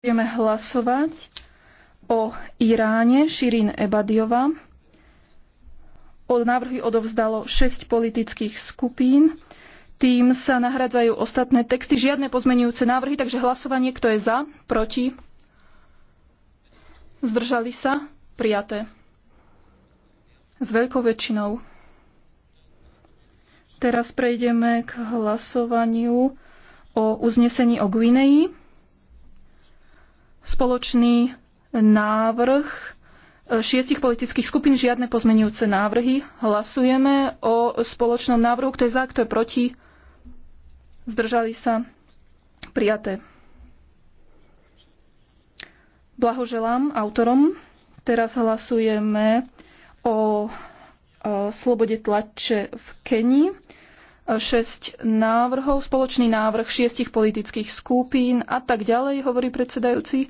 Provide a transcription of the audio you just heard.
Budeme hlasovať o Iráne Širin Ebadiova. O návrhy odovzdalo 6 politických skupín. Tým sa nahradzajú ostatné texty, žiadne pozmenujúce návrhy, takže hlasovanie, kto je za, proti, zdržali sa, prijaté. S veľkou väčšinou. Teraz prejdeme k hlasovaniu o uznesení o Guineji spoločný návrh e, šiestich politických skupín, žiadne pozmenujúce návrhy. Hlasujeme o spoločnom návrhu, kto je za, kto je proti. Zdržali sa. Prijaté. Blahoželám autorom. Teraz hlasujeme o e, slobode tlače v Kenii. E, šesť návrhov, spoločný návrh šiestich politických skupín a tak ďalej, hovorí predsedajúci.